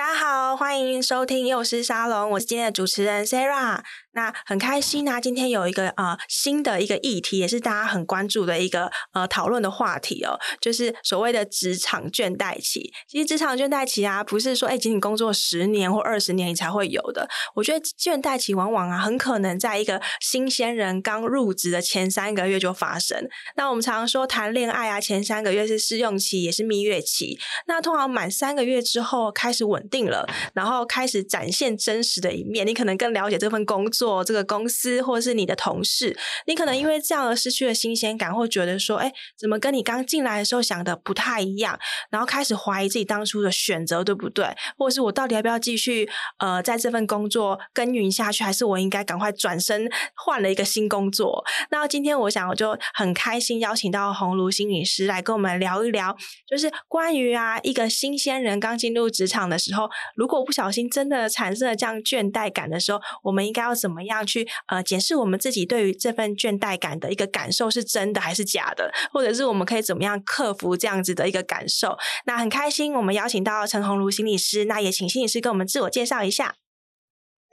大家好，歡迎收聽幼師沙龍，我是今天的主持人 Sarah。那很開心吶，今天有一個呃新的一個議題，也是大家很關注的一個呃討論的話題喔，就是所謂的職場倦怠期。其實職場倦怠期啊，不是說哎僅僅工作十年或二十年你才會有的。我覺得倦怠期往往啊，很可能在一個新鮮人剛入職的前三個月就發生。那我們常常說談戀愛啊，前三個月是試用期，也是蜜月期。那通常滿三個月之後開始穩定了，然後開始展現真實的一面，你可能更了解這份工作，做這個公司，或者是你的同事，你可能因為這樣而失去了新鮮感，或覺得說，哎，怎麼跟你剛進來的時候想的不太一樣，然後開始懷疑自己當初的選擇，對不對？或者是我到底要不要繼續呃，在這份工作耕耘下去，還是我應該趕快轉身換了一個新工作？那今天我想，我就很開心邀請到宏儒心理師來跟我們聊一聊，就是關於啊，一個新鮮人剛進入職場的時候，如果不小心真的產生了這樣倦怠感的時候，我們應該要怎？怎麼樣去呃解釋我們自己對於這份倦怠感的一個感受是真的還是假的，或者是我們可以怎麼樣克服這樣子的一個感受？那很開心，我們邀請到陳宏儒心理師，那也請心理師跟我們自我介紹一下。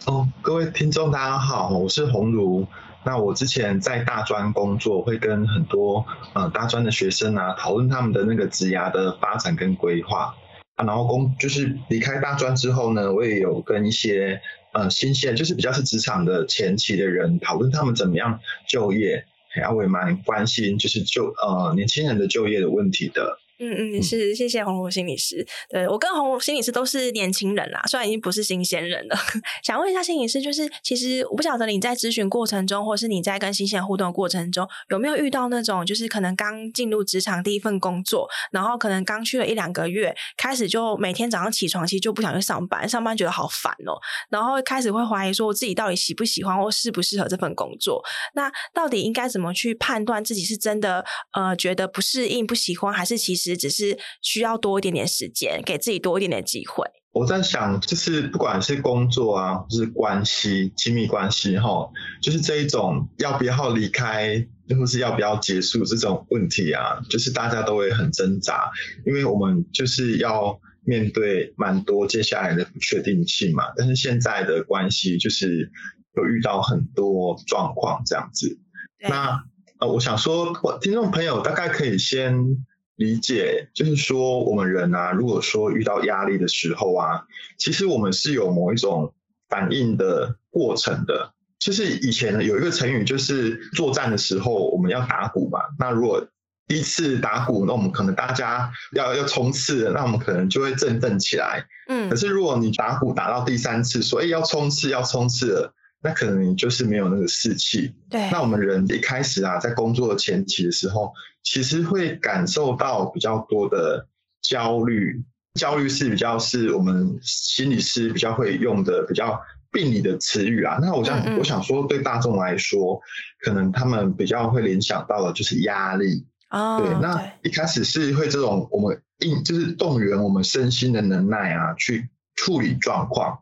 哦，各位聽眾大家好，我是宏儒。那我之前在大專工作，會跟很多呃大專的學生啊討論他們的那個職涯的發展跟規劃，啊，然後工就是離開大專之後呢，我也有跟一些。呃、嗯，新鮮就是比較是職場的前期的人討論他們怎麼樣就業，然後我也蠻關心就是就呃年輕人的就業的問題的。嗯嗯，是謝謝宏儒心理師。對我跟宏儒心理師都是年輕人啦，雖然已經不是新鮮人了。 想問一下心理師，就是其實我不曉得你在諮詢過程中，或是你在跟新鮮互動的過程中，有沒有遇到那種就是可能剛進入職場第一份工作，然後可能剛去了一兩個月，開始就每天早上起床其實就不想去上班，上班覺得好煩哦，然後開始會懷疑說我自己到底喜不喜歡或適不適合這份工作？那到底應該怎麼去判斷自己是真的呃覺得不適應、不喜歡，還是其實？只是需要多一點點時間，給自己多一點點機會。我在想，就是不管是工作啊，或是關係、親密關係，齁，就是這一種要不要離開，或、就是要不要結束這種問題啊，就是大家都會很掙扎，因為我們就是要面對蠻多接下來的不確定性嘛。但是現在的關係就是有遇到很多狀況這樣子。對那、呃、我想說，我聽眾朋友大概可以先。理解，就是說我們人啊，如果說遇到壓力的時候啊，其實我們是有某一種反應的過程的。就是以前有一個成語，就是作戰的時候我們要打鼓嘛。那如果第一次打鼓，那我們可能大家要要衝刺，那我們可能就會振奮起來。嗯，可是如果你打鼓打到第三次，所以要衝刺，要衝刺。那可能你就是沒有那個士氣。對。那我們人一開始啊，在工作的前期的時候，其實會感受到比較多的焦慮。焦慮是比較是我們心理師比較會用的比較病理的詞語啊。那我想嗯嗯我想說對大眾來說，可能他們比較會聯想到的就是壓力。啊、哦。對。那一開始是會這種我們應就是動員我們身心的能耐啊，去處理狀況。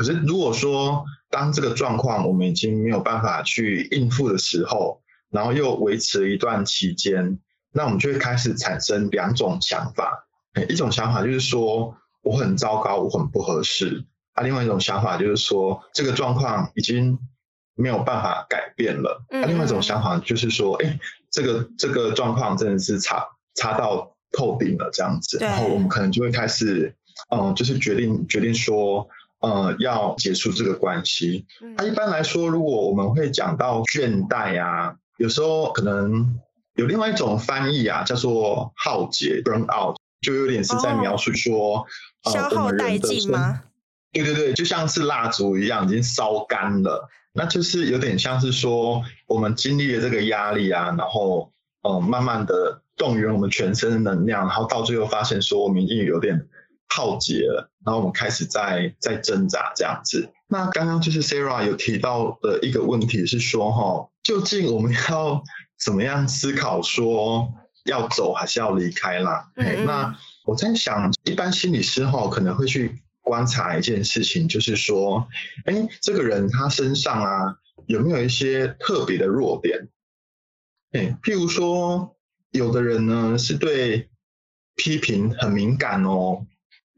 可是，如果說當這個狀況我們已經沒有辦法去應付的時候，然後又維持了一段期間，那我們就會開始產生兩種想法。哎，一種想法就是說我很糟糕，我很不合適。啊，另外一種想法就是說這個狀況已經沒有辦法改變了。嗯嗯。啊，另外一種想法就是說，哎，這個這個狀況真的是差差到透頂了，這樣子。對然後我們可能就會開始，嗯，就是決定決定說。呃、嗯，要結束這個關係。那、嗯啊、一般來說，如果我們會講到倦怠啊，有時候可能有另外一種翻譯啊，叫做耗竭 burn out，就有點是在描述說、哦呃、消耗殆盡嗎、嗯？對對對，就像是蠟燭一樣，已經燒乾了。那就是有點像是說，我們經歷了這個壓力啊，然後、嗯、慢慢的動員我們全身的能量，然後到最後發現說，我們已經有點。耗竭了，然後我們開始在在掙扎這樣子。那剛剛就是 Sarah 有提到的一個問題是說，哈，究竟我們要怎麼樣思考，說要走還是要離開啦？嗯嗯。哎，那我在想，一般心理師哈、哦、可能會去觀察一件事情，就是說，哎，這個人他身上啊有沒有一些特別的弱點？哎，譬如說，有的人呢是對批評很敏感哦。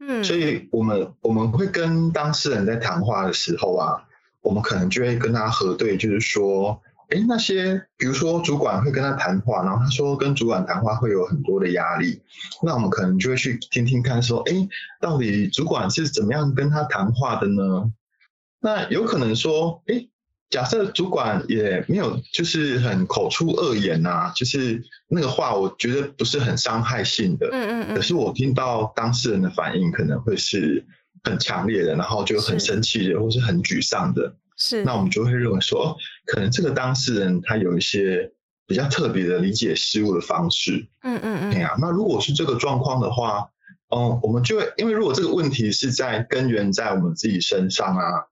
嗯，所以我們我們會跟當事人在談話的時候啊，我們可能就會跟他核對，就是說，誒，那些，比如說主管會跟他談話，然後他說跟主管談話會有很多的壓力，那我們可能就會去聽聽看，說，誒，到底主管是怎麼樣跟他談話的呢？那有可能說，誒，假設主管也沒有，就是很口出惡言啊。就是那個話，我覺得不是很傷害性的。嗯嗯嗯，可是我聽到當事人的反應可能會是很強烈的，然後就很生氣的，是，或是很沮喪的。是。那我們就會認為說，可能這個當事人他有一些比較特別的理解事物的方式。嗯嗯嗯、對啊。那如果是這個狀況的話，嗯，我們就會，因為如果這個問題是在根源在我們自己身上啊。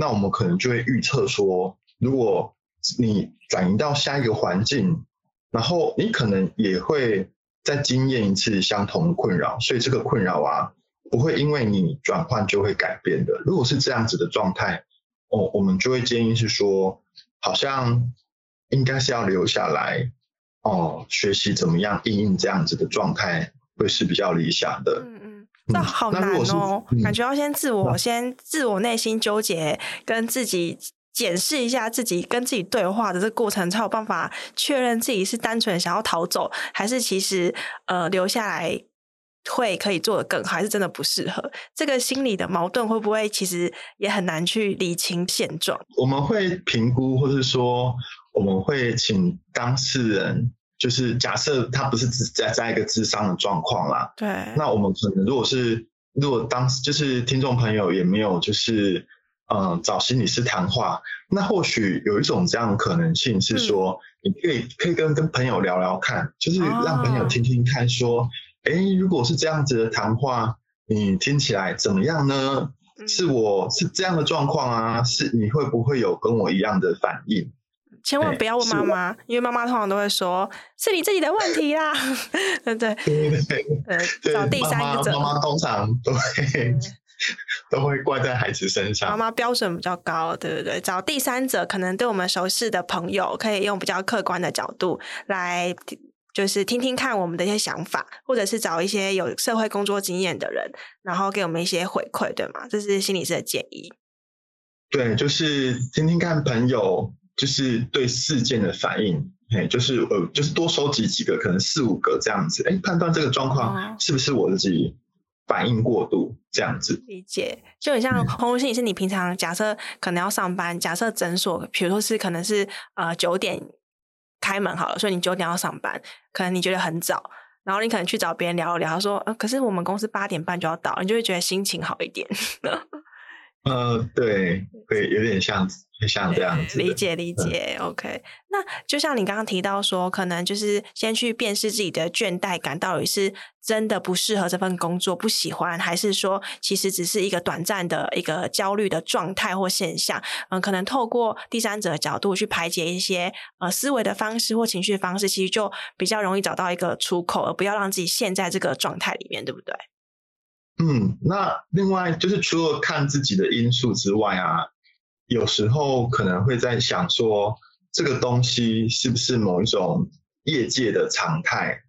那我們可能就會預測說，如果你轉移到下一個環境，然後你可能也會再經驗一次相同的困擾，所以這個困擾啊，不會因為你轉換就會改變的。如果是這樣子的狀態，哦，我們就會建議是說，好像應該是要留下來，哦，學習怎麼樣應應這樣子的狀態會是比較理想的。那、嗯、好難哦、喔，嗯、感覺要先自我、嗯、先自我內心糾結，跟自己檢視一下自己，跟自己對話的這個過程，才有辦法確認自己是單純想要逃走，還是其實呃留下來會可以做的更好，還是真的不適合。這個心理的矛盾會不會其實也很難去理清現狀？我們會評估，或是說我們會請當事人。就是假設他不是在在一個諮商的狀況啦，對。那我們可能如果是如果當時就是聽眾朋友也沒有就是嗯找心理師談話，那或許有一種這樣的可能性是說，嗯、你可以可以跟跟朋友聊聊看，就是讓朋友聽聽看，說，哦、誒如果是這樣子的談話，你聽起來怎麼樣呢？是我是這樣的狀況啊，嗯、是你會不會有跟我一樣的反應？千萬不要問媽媽，因為媽媽通常都會說是你自己的問題啦， 對對對，對，找第三者，媽媽通常都會對都會怪在孩子身上。媽媽標準比較高，對不對？找第三者可能對我們熟悉的朋友，可以用比較客觀的角度來，就是聽聽看我們的一些想法，或者是找一些有社會工作經驗的人，然後給我們一些回饋，對嗎？這是心理師的建議。對，就是聽聽看朋友。就是對事件的反應，哎，就是呃，就是多收集幾個，可能四五個這樣子，哎，判斷這個狀況是不是我自己反應過度這樣子。理解、嗯，就很像紅文是你平常假設可能要上班，嗯、假設診所，比如說是可能是呃九點開門好了，所以你九點要上班，可能你覺得很早，然後你可能去找別人聊一聊，說，呃，可是我們公司八點半就要到，你就會覺得心情好一點。呵呵嗯，對，會有點像，就像這樣子。理解，理解。嗯，OK，那就像你剛剛提到說，可能就是先去辨識自己的倦怠感，到底是真的不適合這份工作，不喜歡，還是說其實只是一個短暫的一個焦慮的狀態或現象？嗯，可能透過第三者的角度去排解一些呃思維的方式或情緒的方式，其實就比較容易找到一個出口，而不要讓自己陷在這個狀態裡面，對不對？嗯，那另外就是除了看自己的因素之外啊，有時候可能會在想說，這個東西是不是某一種業界的常態？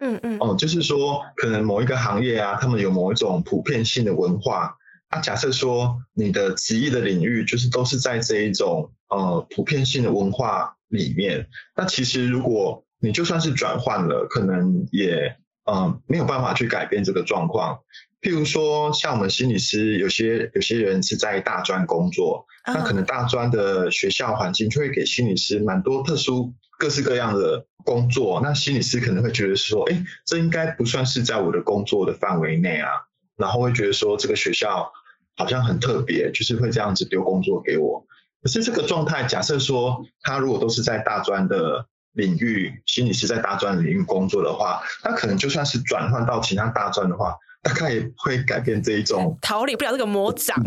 嗯嗯，哦、嗯，就是說，可能某一個行業啊，他們有某一種普遍性的文化。那、啊、假設說，你的職業的領域就是都是在這一種呃普遍性的文化裡面，那其實如果你就算是轉換了，可能也。嗯，沒有辦法去改變這個狀況。譬如說，像我們心理師，有些有些人是在大專工作，Oh. 那可能大專的學校環境就會給心理師蠻多特殊各式各樣的工作。那心理師可能會覺得說，哎，這應該不算是在我的工作的範圍內啊，然後會覺得說這個學校好像很特別，就是會這樣子丟工作給我。可是這個狀態，假設說他如果都是在大專的。領域，心理是在大專領域工作的話，他可能就算是轉換到其他大專的話，大概也會改變這一種，逃離不了這個魔掌。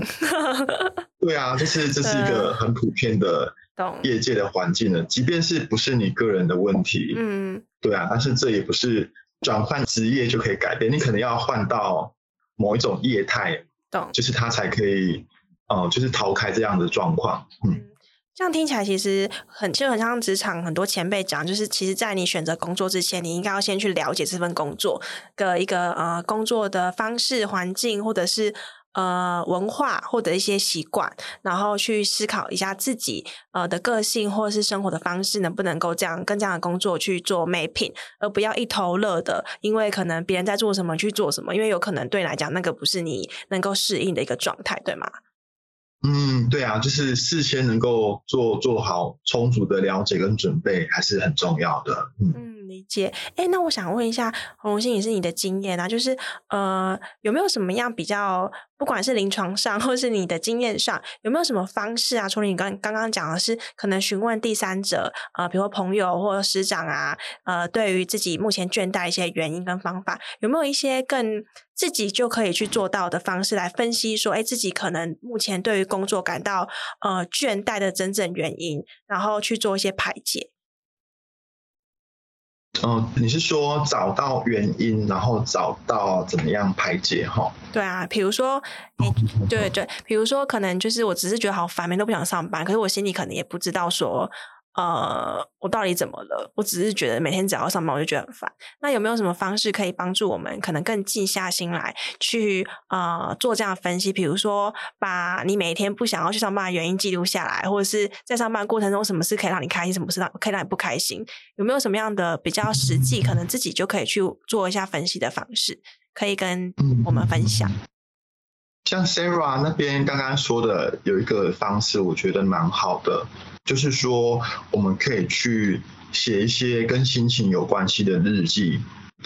對啊，就是這是一個很普遍的業界的環境了，即便是不是你個人的問題，嗯，對啊，但是這也不是轉換職業就可以改變，你可能要換到某一種業態，懂就是他才可以，哦、呃，就是逃開這樣的狀況，嗯。這樣聽起來其實很，就很像職場很多前輩講，就是其實，在你選擇工作之前，你應該要先去了解這份工作的一個呃工作的方式、環境，或者是呃文化或者一些習慣，然後去思考一下自己呃的個性或者是生活的方式能不能夠這樣跟這樣的工作去做 matching，而不要一頭熱的，因為可能別人在做什麼去做什麼，因為有可能對你來講那個不是你能夠適應的一個狀態，對嗎？嗯，對啊，就是事先能夠做做好充足的了解跟準備，還是很重要的。嗯。嗯理解，哎，那我想問一下宏儒，也是你的經驗啊，就是呃，有沒有什麼樣比較，不管是臨床上，或是你的經驗上，有沒有什麼方式啊？除了你剛剛剛講的是可能詢問第三者，呃，比如說朋友或師長啊，呃，對於自己目前倦怠一些原因跟方法，有沒有一些更自己就可以去做到的方式，來分析說，哎，自己可能目前對於工作感到呃倦怠的真正原因，然後去做一些排解。哦、嗯，你是說找到原因，然後找到怎麼樣排解哈？對啊，比如說，對、欸、對，比如說，可能就是我只是覺得好煩悶，都不想上班，可是我心裡可能也不知道說。呃，我到底怎麼了？我只是覺得每天只要上班我就覺得很煩。那有沒有什麼方式可以幫助我們，可能更靜下心來去啊、呃、做這樣分析？比如說，把你每天不想要去上班的原因記錄下來，或者是在上班的過程中什麼事可以讓你開心，什麼事可以讓你不開心？有沒有什麼樣的比較實際，可能自己就可以去做一下分析的方式，可以跟我們分享？像 Sarah 那邊剛剛說的，有一個方式，我覺得蠻好的。就是說，我們可以去寫一些跟心情有關係的日記。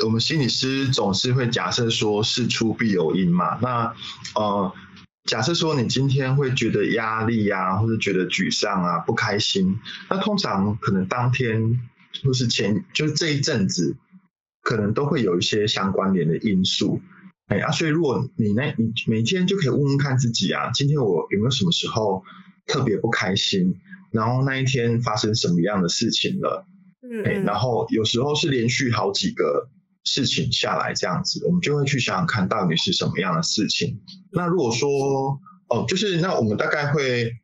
我們心理師總是會假設說，事出必有因嘛。那，呃，假設說你今天會覺得壓力啊，或者覺得沮喪啊、不開心，那通常可能當天或是前就是這一陣子，可能都會有一些相關聯的因素。哎，啊，所以如果你那你每天就可以問問看自己啊，今天我有沒有什麼時候特別不開心？然後那一天發生什麼樣的事情了？嗯嗯、哎？然後有時候是連續好幾個事情下來這樣子，我們就會去想，想看到底是什麼樣的事情。那如果說哦，就是那我們大概會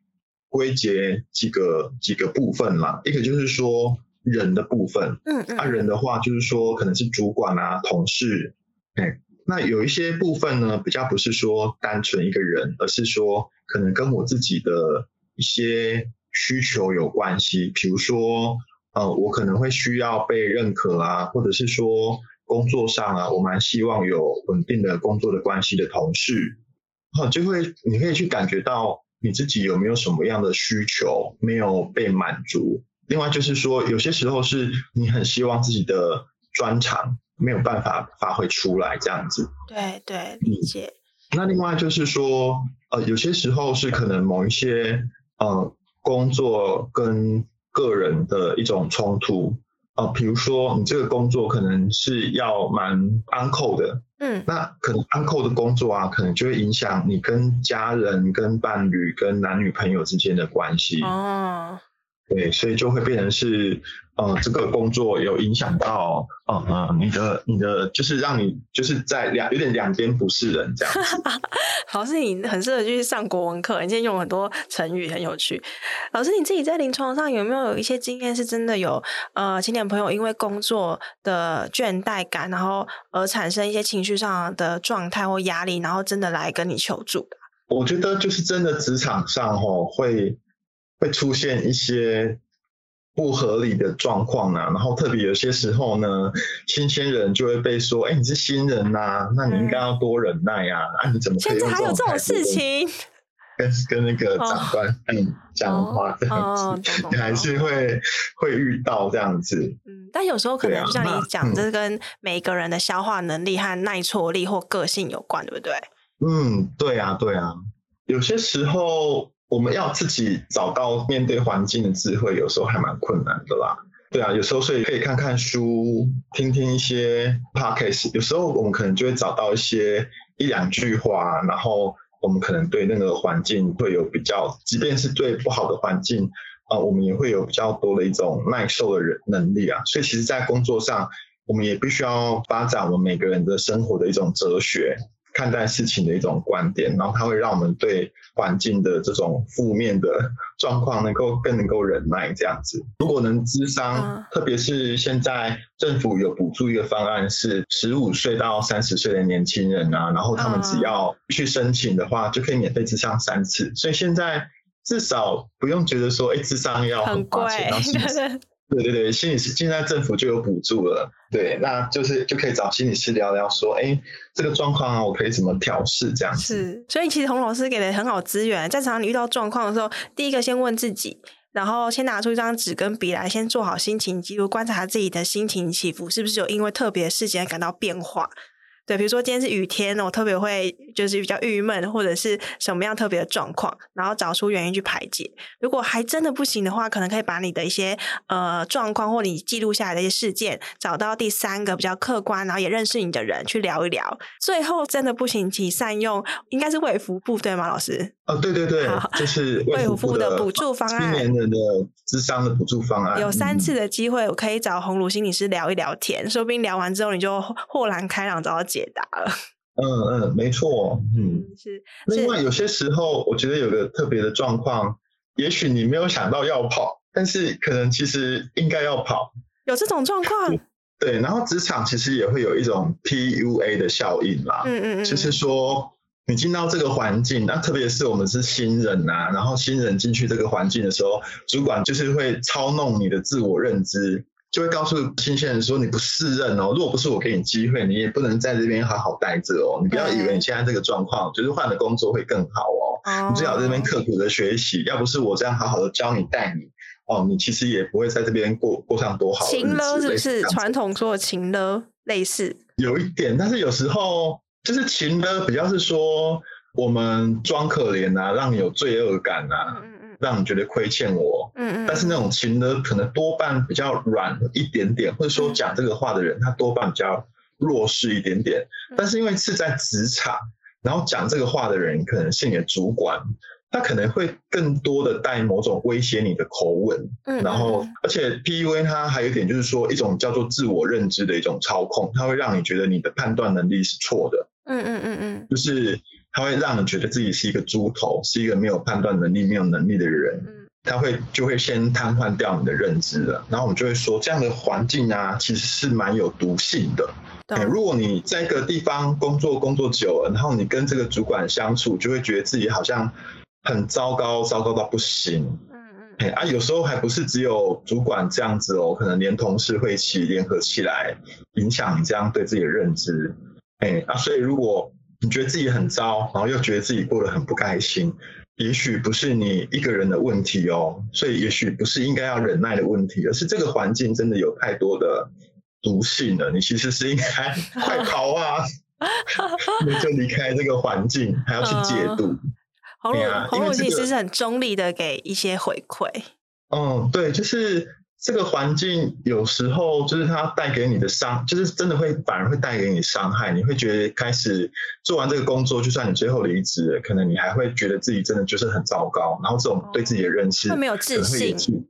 歸結幾個幾個部分嘛，一個就是說人的部分，嗯，嗯、啊、人的話就是說可能是主管啊同事、哎，那有一些部分呢，比較不是說單純一個人，而是說可能跟我自己的一些。需求有關係，譬如說，嗯、呃，我可能會需要被認可啊，或者是說工作上啊，我蠻希望有穩定的工作的關係的同事，呃、就會你可以去感覺到你自己有沒有什麼樣的需求沒有被滿足。另外就是說，有些時候是你很希望自己的專長沒有辦法發揮出來這樣子。對對，理解、嗯。那另外就是說，呃，有些時候是可能某一些，嗯、呃。工作跟個人的一種衝突啊，呃、比如說你這個工作可能是要蠻安扣的，嗯，那可能安扣的工作啊，可能就會影響你跟家人、跟伴侶、跟男女朋友之間的關係哦。對，所以就會變成是，呃，這個工作有影響到，嗯、呃、嗯，你的你的，就是讓你就是在兩有點兩邊不是人這樣。 老師，你很適合去上國文課，你今天用很多成語，很有趣。老師，你自己在臨床上有沒有有一些經驗，是真的有，呃，青年朋友因為工作的倦怠感，然後而產生一些情緒上的狀態或壓力，然後真的來跟你求助的？我覺得就是真的職場上吼會。會出現一些不合理的狀況啊，然後特別有些時候呢，新鮮人就會被說：“哎、欸，你是新人吶、啊，那你應該要多忍耐啊，嗯、啊你怎麼現在還有這種事情？”跟跟那個長官跟你講話，你還是會、哦、會遇到這樣子。嗯，但有時候可能、啊、像你講，嗯、這是跟每個人的消化能力和耐挫力或個性有關，對不對？嗯，對啊，對啊，有些時候。我們要自己找到面對環境的智慧，有時候還蠻困難的啦。對啊，有時候所以可以看看書，聽聽一些 podcast，有時候我們可能就會找到一些一兩句話，然後我們可能對那個環境會有比較，即便是對不好的環境啊、呃，我們也會有比較多的一種耐受的人能力啊。所以其實，在工作上，我們也必須要發展我們每個人的生活的一種哲學。看待事情的一種觀點，然後它會讓我們對環境的這種負面的狀況能夠更能夠忍耐這樣子。如果能諮商，嗯、特別是現在政府有補助一個方案，是十五歲到三十歲的年輕人啊，然後他們只要去申請的話，嗯、就可以免費諮商三次。所以現在至少不用覺得說，哎、欸，諮商要很花對對對，心理師現在政府就有補助了，對，那就是就可以找心理師聊聊，說，哎，這個狀況啊，我可以怎麼調適這樣子？是，所以其實宏老師給的很好資源，在場你遇到狀況的時候，第一個先問自己，然後先拿出一張紙跟筆來，先做好心情記錄，觀察自己的心情起伏，是不是有因為特別的事情而感到變化。對，比如說今天是雨天，我特別會就是比較鬱悶，或者是什麼樣特別的狀況，然後找出原因去排解。如果還真的不行的話，可能可以把你的一些呃狀況或你記錄下來的一些事件，找到第三個比較客觀，然後也認識你的人去聊一聊。最後真的不行，請善用，應該是衛福部，對嗎，老師？哦、對對對，就好是衛福部的補助方案，青年人的諮商的補助方案，有三次的機會，嗯、我可以找宏儒心理師聊一聊天，說不定聊完之後你就豁然開朗，找到解答了。嗯嗯，沒錯，嗯是。是另外有些時候，我覺得有個特別的狀況，也許你沒有想到要跑，但是可能其實應該要跑。有這種狀況？對，然後職場其實也會有一種 PUA 的效應嘛，嗯嗯嗯，就是說。你進到這個環境，那特別是我們是新人吶、啊，然後新人進去這個環境的時候，主管就是會操弄你的自我認知，就會告訴新鮮人說：“你不適任哦，如果不是我給你機會，你也不能在這邊好好待着哦。你不要以為你現在這個狀況，對就是換了工作會更好哦。Oh, 你最好在這邊刻苦的學習，okay. 要不是我這樣好好的教你帶你，哦，你其實也不會在這邊過過上多好的日子。情勒是不是類似傳統說的情勒？類似有一點，但是有時候。就是情勒，比較是說，我們裝可憐啊，讓你有罪惡感啊，嗯嗯，讓你覺得虧欠我，嗯嗯。但是那種情勒，可能多半比較軟一點點，或者說講這個話的人，他多半比較弱勢一點點。嗯，但是因為是在職場，然後講這個話的人可能是你的主管，他可能會更多的帶某種威脅你的口吻，然後而且 PUA 它還有一點就是說一種叫做自我認知的一種操控，它會讓你覺得你的判斷能力是錯的。嗯嗯嗯嗯，就是他會讓你覺得自己是一個豬頭，是一個沒有判斷能力、沒有能力的人。嗯，他會就會先癱瘓掉你的認知了。然後我們就會說，這樣的環境啊，其實是蠻有毒性的。欸，如果你在一個地方工作工作久了，然後你跟這個主管相處，就會覺得自己好像很糟糕，糟糕到不行。嗯、欸、嗯，哎啊，有時候還不是只有主管這樣子哦，可能連同事會一起聯合起來影響你這樣對自己的認知。哎、欸、啊，所以如果你覺得自己很糟，然後又覺得自己過得很不開心，也許不是你一個人的問題哦。所以也許不是應該要忍耐的問題，而是這個環境真的有太多的毒性了。你其實是應該快跑啊， 你就離開這個環境，還要去解毒。宏儒、嗯，宏儒其實是很中立的，給一些回饋。嗯，對，就是。這個環境有時候就是它帶給你的傷，就是真的會反而會帶給你傷害。你會覺得開始做完這個工作，就算你最後離職了，可能你還會覺得自己真的就是很糟糕。然後這種對自己的認識，會沒有自信會。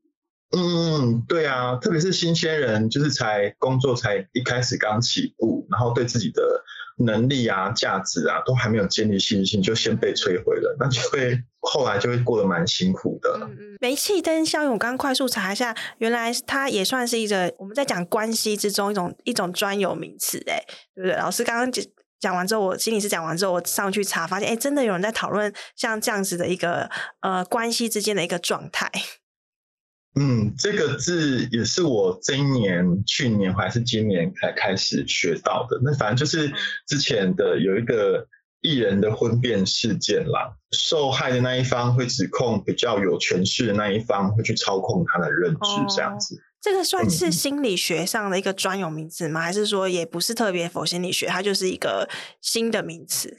嗯，對啊，特別是新鮮人，就是才工作才一開始剛起步，然後對自己的。能力啊，價值啊，都還沒有建立信心，就先被摧毀了，那就會後來就會過得蠻辛苦的。嗯，煤氣燈效應，我剛快速查一下，原來它也算是一個我們在講關係之中一種一種專有名詞，哎，對不對？老師剛剛講講完之後，我心理師講完之後，我上去查，發現哎、欸，真的有人在討論像這樣子的一個呃關係之間的一個狀態。嗯，這個字也是我這一年、去年還是今年才開始學到的。那反正就是之前的有一個藝人的婚變事件啦，受害的那一方會指控比較有權勢的那一方會去操控他的認知，這樣子，哦。這個算是心理學上的一個專有名詞嗎？嗯、還是說也不是特別否心理學，它就是一個新的名詞？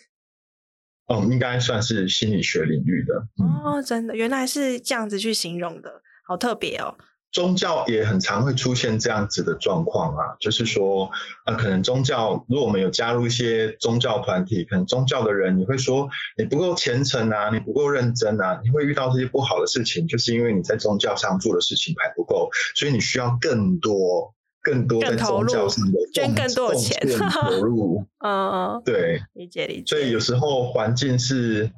哦、嗯，應該算是心理學領域的、嗯、哦。真的，原來是這樣子去形容的。好特別哦，宗教也很常會出現這樣子的狀況啊，就是說，啊，可能宗教，如果我們有加入一些宗教團體，可能宗教的人，你會說你不夠虔誠啊，你不夠認真啊，你會遇到這些不好的事情，就是因為你在宗教上做的事情還不夠，所以你需要更多、更多在宗教上的，捐更多的錢投入，更更 嗯，嗯，對，理，理解，理解，所以有時候環境是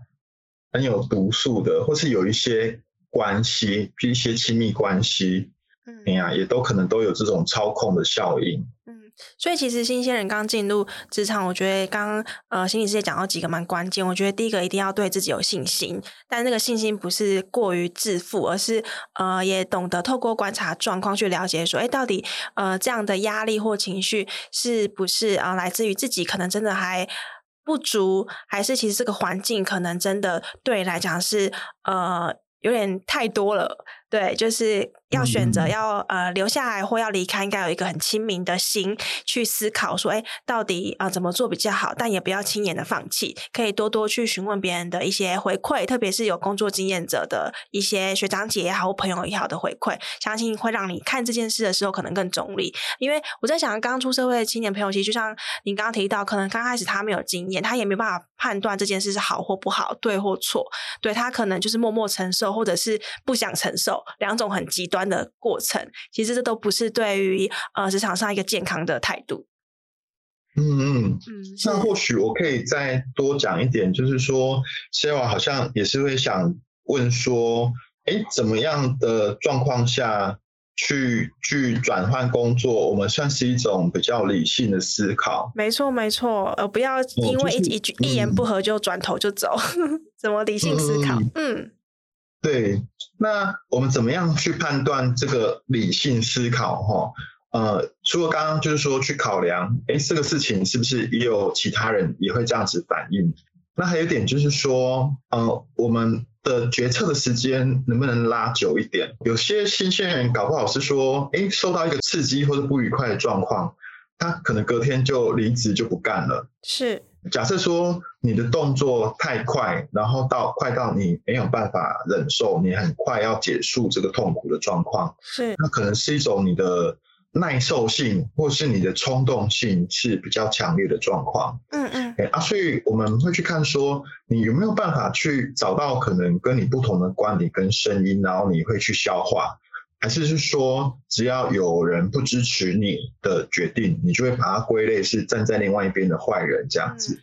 很有毒素的，或是有一些。關係，一些親密關係，嗯，哎呀，也都可能都有這種操控的效應。嗯，所以其實新鮮人剛進入職場，我覺得剛呃，心理師講到幾個蠻關鍵。我覺得第一個一定要對自己有信心，但那個信心不是過於自負，而是呃，也懂得透過觀察狀況去了解，說，哎、欸，到底呃這樣的壓力或情緒是不是啊、呃，來自於自己可能真的還不足，還是其實這個環境可能真的對來講是呃。有點太多了。對，就是要選擇要呃留下來或要離開，應該有一個很清明的心去思考說，說、欸、哎，到底啊、呃、怎麼做比較好？但也不要輕言的放棄，可以多多去詢問別人的一些回饋，特別是有工作經驗者的一些學長姐也好、或朋友也好，的回饋，相信會讓你看這件事的時候可能更中立。因為我在想，剛出社會的青年朋友，其實就像你剛剛提到，可能剛開始他沒有經驗，他也沒辦法判斷這件事是好或不好、對或錯，對他可能就是默默承受，或者是不想承受。兩種很極端的過程，其實這都不是對於呃職場上一個健康的態度。嗯嗯嗯,那或許我可以再多講一點，就是說，謝瓦好像也是會想問說，哎，怎麼樣的狀況下去去轉換工作？我們算是一種比較理性的思考。沒錯沒錯，呃，不要、嗯就是、因為一句、嗯、一言不合就轉頭就走， 怎麼理性思考？嗯，嗯對。那我們怎麼樣去判斷這個理性思考？哈，呃，除了剛剛就是說去考量，哎，這個事情是不是也有其他人也會這樣子反應？那還有一點就是說，呃，我們的決策的時間能不能拉久一點？有些新鮮人搞不好是說，哎，受到一個刺激或者不愉快的狀況，他可能隔天就離職就不幹了。是，假設說。你的動作太快，然後到快到你沒有辦法忍受，你很快要結束這個痛苦的狀況。是,那可能是一種你的耐受性或是你的衝動性是比較強烈的狀況。嗯嗯。啊，所以我們會去看說，你有沒有辦法去找到可能跟你不同的觀點跟聲音，然後你會去消化，還是是說，只要有人不支持你的決定，你就會把它歸類是站在另外一邊的壞人這樣子。嗯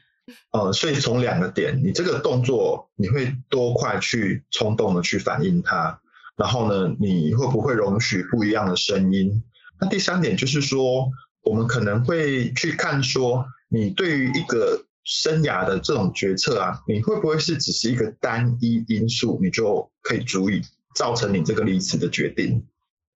呃，所以從兩個點，你這個動作你會多快去衝動的去反應它，然後呢，你會不會容許不一樣的聲音？那第三點就是說，我們可能會去看說，你對於一個生涯的這種決策啊，你會不會是只是一個單一因素，你就可以足以造成你這個離職的決定？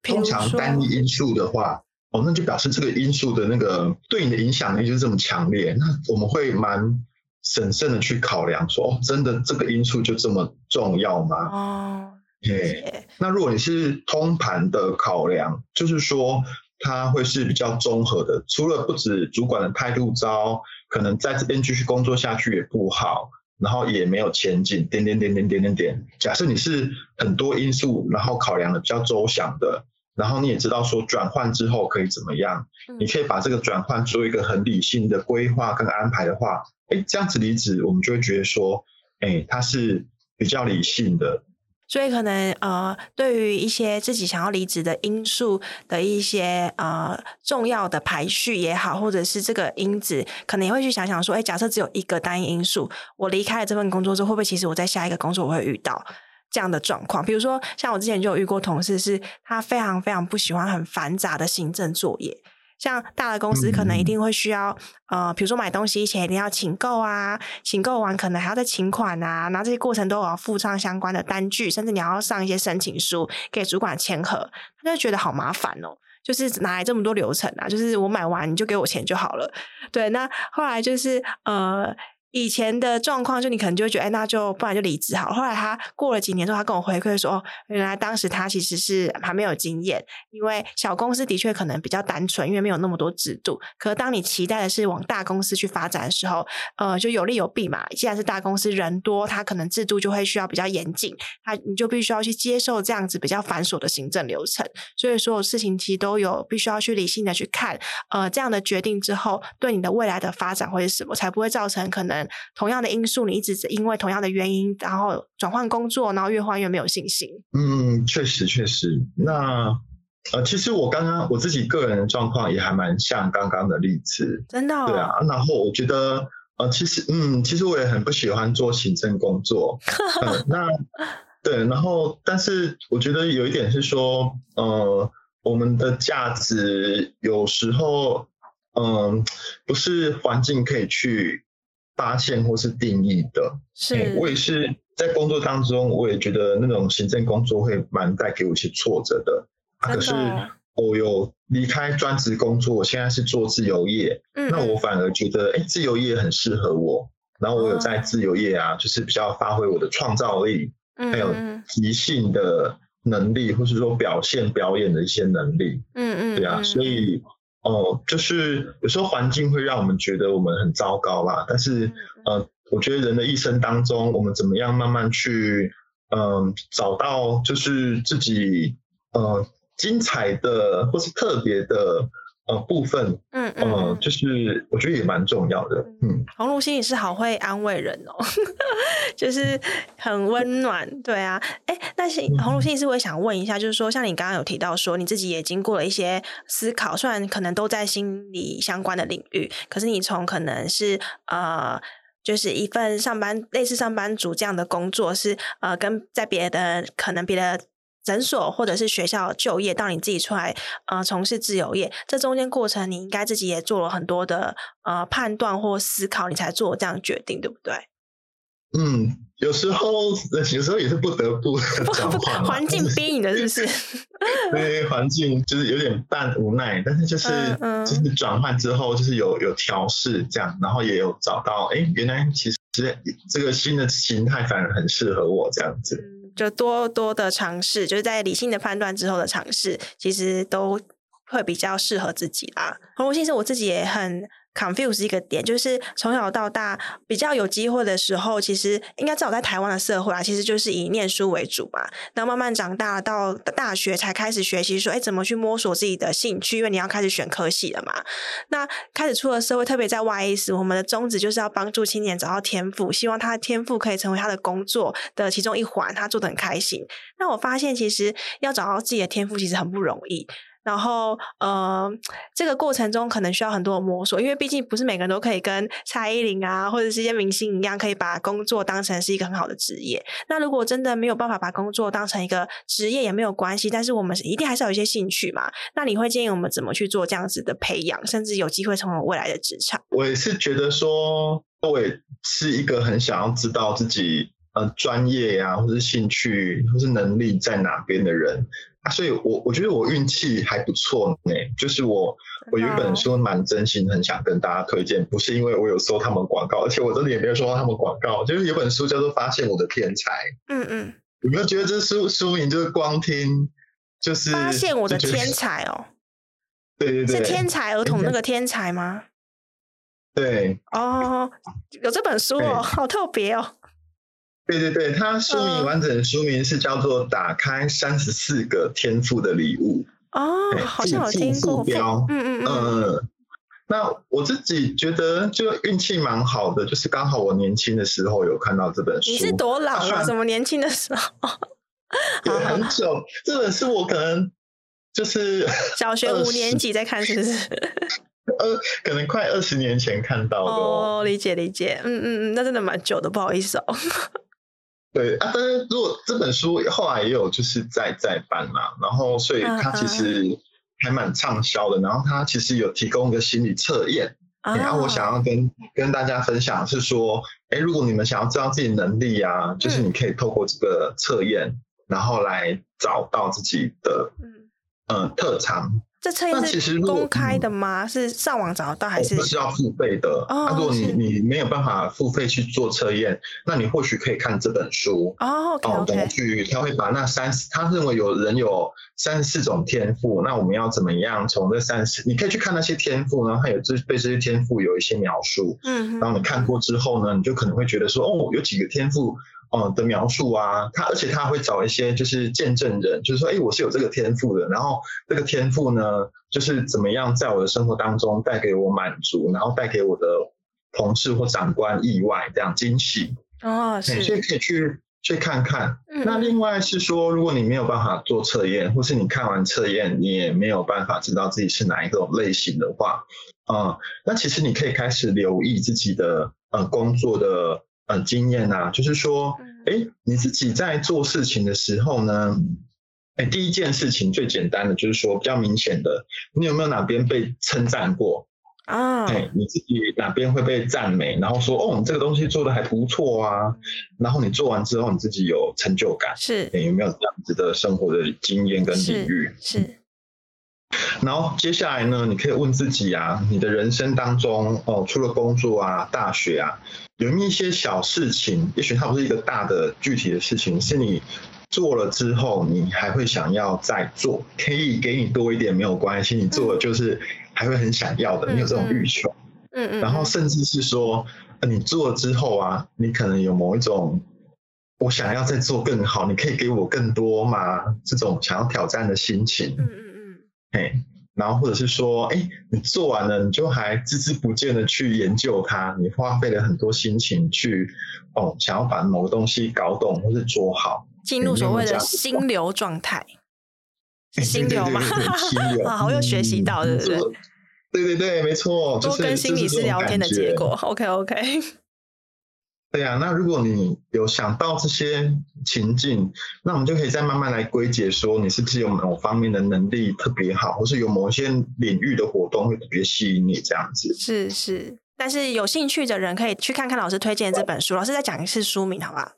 通常單一因素的話。哦，那就表示這個因素的那個對你的影響力就是這麼強烈。那我們會蠻審慎的去考量說，說哦，真的這個因素就這麼重要嗎？哦，oh, okay. yeah. 那如果你是通盤的考量，就是說它會是比較綜合的，除了不止主管的態度糟，可能在這邊繼續工作下去也不好，然後也沒有前景，點點點點點點點。假設你是很多因素，然後考量的比較周詳的。然後你也知道說轉換之後可以怎麼樣，你可以把這個轉換做一個很理性的規劃跟安排的話，哎，這樣子離職我們就會覺得說，哎，它是比較理性的。嗯、所以可能呃，對於一些自己想要離職的因素的一些呃重要的排序也好，或者是這個因子，可能也會去想想說，哎，假設只有一個單一因素，我離開了這份工作之後，會不會其實我在下一個工作我會遇到？這樣的狀況，比如說像我之前就有遇過同事，是他非常非常不喜歡很繁雜的行政作業。像大的公司可能一定會需要，呃，比如說買東西以前一定要請購啊，請購完可能還要再請款啊，然後這些過程都要附上相關的單據，甚至你要上一些申請書給主管簽核。他就覺得好麻煩哦、喔，就是哪來這麼多流程啊？就是我買完你就給我錢就好了。對，那後來就是呃。以前的狀況，就你可能就覺得，哎，那就不然就離職好。後來他過了幾年之後，他跟我回饋說，哦，原來當時他其實是還沒有經驗，因為小公司的確可能比較單純，因為沒有那麼多制度。可當你期待的是往大公司去發展的時候，呃，就有利有弊嘛。既然是大公司人多，他可能制度就會需要比較嚴謹，他你就必須要去接受這樣子比較繁瑣的行政流程。所以說事情其實都有必須要去理性的去看，呃，這樣的決定之後對你的未來的發展會是什麼，才不會造成可能。同樣的因素，你一直只因為同樣的原因，然後轉換工作，然後越換越沒有信心。嗯，確實確實，那呃，其實我剛剛我自己個人的狀況也還蠻像剛剛的例子，真的、哦，對啊。然後我覺得，呃，其實，嗯，其實我也很不喜歡做行政工作。 嗯、那對，然後，但是我覺得有一點是說，呃，我們的價值有時候，嗯、呃，不是環境可以去。發現或是定義的，是、嗯、我也是在工作當中，我也覺得那種行政工作會蠻帶給我一些挫折的。真的、啊、可是我有離開專職工作，我現在是做自由業，嗯、那我反而覺得，哎、欸，自由業很適合我。然後我有在自由業啊，哦、就是比較發揮我的創造力，嗯、還有即興的能力，或是說表現、表演的一些能力。嗯、嗯嗯，對啊，所以。哦，就是有時候環境會讓我們覺得我們很糟糕啦，但是，嗯嗯呃，我覺得人的一生當中，我們怎麼樣慢慢去，嗯、呃，找到就是自己，嗯、呃，精彩的或是特別的。呃，部分，嗯，嗯、呃。就是我覺得也蠻重要的，嗯。嗯宏儒心理師好會安慰人哦， 就是很溫暖，對啊。哎、欸，那宏儒心理師我也想問一下，就是說，像你剛剛有提到說你自己也經過了一些思考，雖然可能都在心理相關的領域，可是你從可能是呃，就是一份上班類似上班族這樣的工作是，是呃，跟在別的可能別的。診所或者是學校就業，到你自己出來呃從事自由業，這中間過程你應該自己也做了很多的呃判斷或思考，你才做這樣的決定，對不對？嗯，有時候有時候也是不得不不得不，環境逼你的是不是？ 對，環境就是有點半無奈，但是就是，嗯嗯、就是轉換之後，就是有有調適這樣，然後也有找到，哎，原來其實這這個新的形態反而很適合我這樣子。嗯就多多的嘗試，就是在理性的判斷之後的嘗試，其實都會比較適合自己啦。嗯，然後其實我自己也很。Confuse 一個點，就是從小到大比較有機會的時候，其實應該至少在台灣的社會啊，其實就是以念書為主嘛。然後慢慢長大到大學，才開始學習說，哎、欸，怎麼去摸索自己的興趣，因為你要開始選科系了嘛。那開始出了社會，特別在 YS，我們的宗旨就是要幫助青年找到天賦，希望他的天賦可以成為他的工作的其中一環，他做得很開心。那我發現，其實要找到自己的天賦，其實很不容易。然後，呃，這個過程中可能需要很多的摸索，因為畢竟不是每個人都可以跟蔡依林啊，或者是一些明星一樣，可以把工作當成是一個很好的職業。那如果真的沒有辦法把工作當成一個職業，也沒有關係。但是我們是一定還是要有一些興趣嘛？那你會建議我們怎麼去做這樣子的培養，甚至有機會成為未來的職場？我也是覺得說，我也是一個很想要知道自己，呃，專業呀、啊，或者是興趣，或者是能力在哪邊的人。所以我，我我覺得我運氣還不錯呢。就是我，我有一本書蠻真心很想跟大家推薦，不是因為我有收他們廣告，而且我真的也沒有收到他們廣告。就是有本書叫做《發現我的天才》。嗯嗯。有沒有覺得這書書名就是光聽就是“發現我的天才哦”哦？對對對。是天才兒童那個天才嗎？ 對。哦，有這本書哦，對好特別哦。對對對，它書名完整的書名是叫做《打開三十四個天賦的禮物》哦，好像有聽過。過標、嗯，嗯嗯嗯，那我自己覺得就運氣蠻好的，就是剛好我年輕的時候有看到這本書。你是多老了、啊？怎、啊、麼年輕的時候？很久，好好這本書我可能就是 20, 小學五年級在看，是不是？ 可能快二十年前看到的哦。哦理解理解，嗯嗯嗯，那真的蠻久的，不好意思哦。對啊，但是，如果這本書後來也有就是在再版嘛，然後所以它其實還蠻暢銷的。然後它其實有提供一個心理測驗，啊、然後我想要跟跟大家分享是說，哎，如果你們想要知道自己能力啊，嗯、就是你可以透過這個測驗，然後來找到自己的嗯、呃、特長。這測驗是公開的嗎？是上網找得到還是？哦、不是要付費的。哦、如果你是你沒有辦法付費去做測驗，那你或許可以看這本書哦。哦、okay, okay，工他會把那三，他認為有人有三十四種天賦，那我們要怎麼樣從這三十，你可以去看那些天賦呢？他有這對這些天賦有一些描述。嗯哼。然後你看過之後呢，你就可能會覺得說，哦，有幾個天賦。哦、嗯，的描述啊，他而且他會找一些就是見證人，就是說，哎、欸，我是有這個天賦的，然後這個天賦呢，就是怎麼樣在我的生活當中帶給我滿足，然後帶給我的同事或長官意外這樣驚喜啊、哦欸，所以可以去去看看。嗯、那另外是說，如果你沒有辦法做測驗，或是你看完測驗你也沒有辦法知道自己是哪一種類型的話，啊、嗯，那其實你可以開始留意自己的呃工作的。嗯、呃，經驗啊，就是說，哎、欸，你自己在做事情的時候呢，哎、欸，第一件事情最簡單的就是說，比較明顯的，你有沒有哪邊被稱讚過啊、oh. 欸？你自己哪邊會被讚美，然後說，哦，你這個東西做得還不錯啊，然後你做完之後你自己有成就感，是、欸，有沒有這樣子的生活的經驗跟領域？是，是、嗯。然後接下來呢，你可以問自己啊，你的人生當中哦，呃、除了工作啊，大學啊。有一些小事情，也許它不是一個大的具體的事情，是你做了之後，你還會想要再做，可以給你多一點，沒有關係，你做了就是還會很想要的，你、嗯、有這種慾求、嗯，嗯嗯，然後甚至是說、呃、你做了之後啊，你可能有某一種我想要再做更好，你可以給我更多嗎？這種想要挑戰的心情，嗯嗯嗯，嗯嘿。然後，或者是說，哎，你做完了，你就還孜孜不倦的去研究它，你花費了很多心情去，哦，想要把某個東西搞懂或是做好，進入所謂的心流狀態，哇心流嘛，哈哈哈哈好， 哦、我又學習到，嗯、錯對，對對，對對沒錯，就跟心理師聊天的結果，的結果 ，OK OK。對呀、啊，那如果你有想到這些情境，那我們就可以再慢慢來歸結，說你是不是有某方面的能力特別好，或是有某些領域的活動會特別吸引你這樣子。是是，但是有興趣的人可以去看看老師推薦的這本書。老師再講一次書名好不好？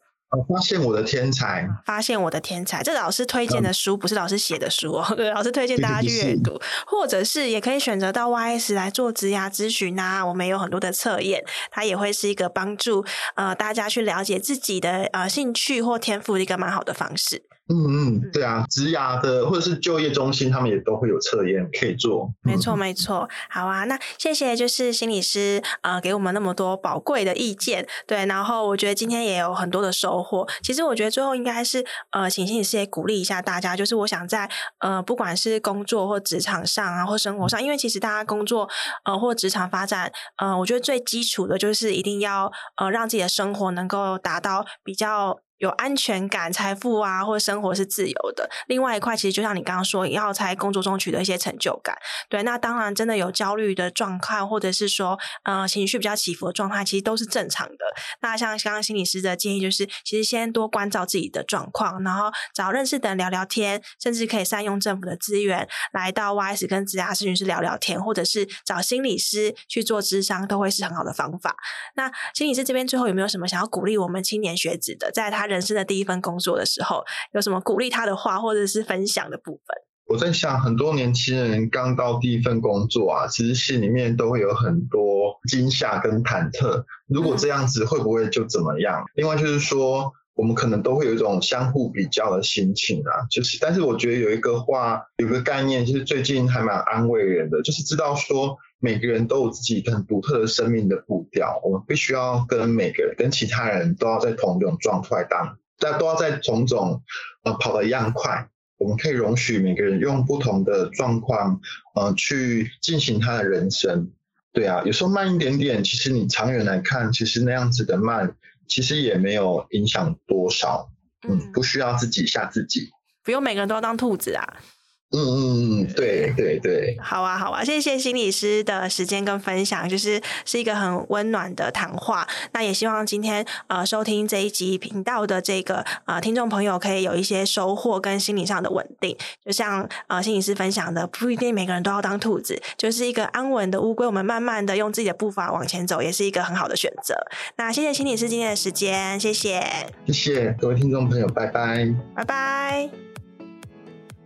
發現我的天才！發現我的天才！這個、老師推薦的書不是老師寫的書哦，對、嗯、老師推薦大家去閱讀，對對，或者是也可以選擇到 YS 來做職涯、啊、諮詢啊。我們有很多的測驗，它也會是一個幫助呃大家去了解自己的呃興趣或天賦一個蠻好的方式。嗯嗯，對啊，職涯的或者是就業中心，他們也都會有測驗可以做。嗯、沒錯，沒錯。好啊，那謝謝，就是心理師，呃，給我們那麼多寶貴的意見。對，然後我覺得今天也有很多的收穫。其實我覺得最後應該是，呃，請心理師也鼓勵一下大家，就是我想在，呃，不管是工作或職場上啊，或生活上，因為其實大家工作，呃，或職場發展，呃，我覺得最基礎的就是一定要，呃，讓自己的生活能夠達到比較。有安全感、財富啊，或者生活是自由的。另外一塊，其實就像你剛剛說，也要在工作中取得一些成就感。對，那當然，真的有焦慮的狀況，或者是說，嗯、呃，情緒比較起伏的狀態，其實都是正常的。那像剛剛心理師的建議，就是其實先多關照自己的狀況，然後找認識的人聊聊天，甚至可以善用政府的資源，來到 YS 跟職涯諮詢師聊聊天，或者是找心理師去做諮商，都會是很好的方法。那心理師這邊最後有沒有什麼想要鼓勵我們青年學子的，在他，人生的第一份工作的時候，有什麼鼓勵他的話，或者是分享的部分？我在想，很多年輕人剛到第一份工作啊，其實心裡面都會有很多驚嚇跟忐忑。如果這樣子，會不會就怎麼樣？嗯、另外就是說，我們可能都會有一種相互比較的心情啊。就是，但是我覺得有一個話，有個概念，就是最近還蠻安慰人的，就是知道說。每個人都有自己很獨特的生命的步調，我們必須要跟每個人跟其他人都要在同一種狀態，當大家都要在同種種呃跑得一樣快，我們可以容許每個人用不同的狀況，呃，去進行他的人生。對啊，有時候慢一點點，其實你長遠來看，其實那樣子的慢，其實也沒有影響多少。嗯，不需要自己嚇自己。嗯，不用每個人都要當兔子啊。嗯嗯嗯，對對對。對，好啊好啊，謝謝心理師的時間跟分享，就是是一個很溫暖的談話。那也希望今天呃收聽這一集頻道的這個呃聽眾朋友可以有一些收穫跟心理上的穩定。就像呃心理師分享的，不一定每個人都要當兔子，就是一個安穩的烏龜，我們慢慢的用自己的步伐往前走，也是一個很好的選擇。那謝謝心理師今天的時間，謝謝，謝謝各位聽眾朋友，拜拜，拜拜。